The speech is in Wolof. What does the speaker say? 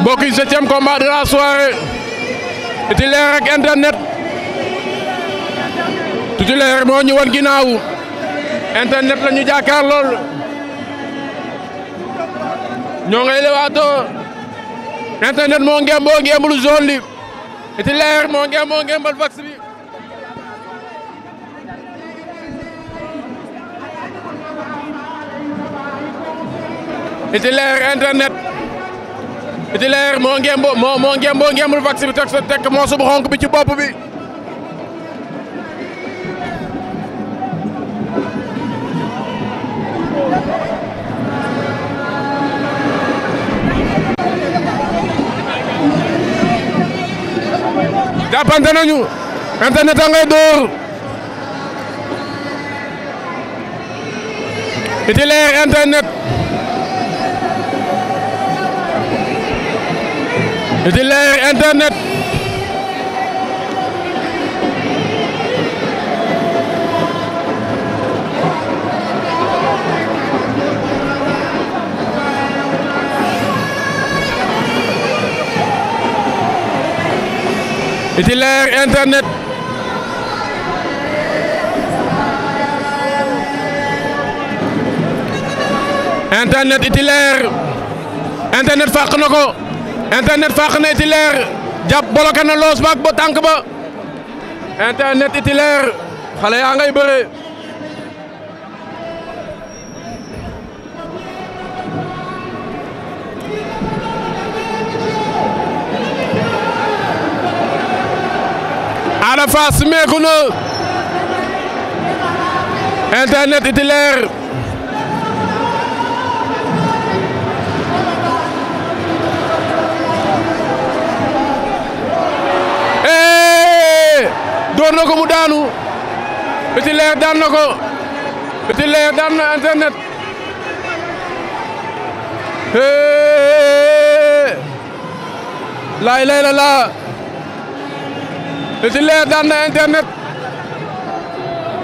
mbokk yi septième combat de la Internet titulaire moo ñu wan ginnaaw internet la ñu jàkkaar lool ñoo ngay lewaatoo internet moo ngem boo ngembul zone li titulaire moo ngem boo ngembal vax bi titulaire internet titulaire moo ngem boo moo ngem boo ngembul vax bi teg sa teg moo subu xonk bi ci bopp bi jàppante nañu internet a ngay dóor Titulaire internet Titulaire internet titulaire internet internet titulaire internet fàq na ko internet fàq na titulaire jàpp bloqué loos ba ba tànk ba internet titulaire xale yaa ngay Ada Fass meeku na internet itilaire door na ko mu daanu itilaire daan na ko itilaire daan na internet laay lay la laa li ci leer daan na internet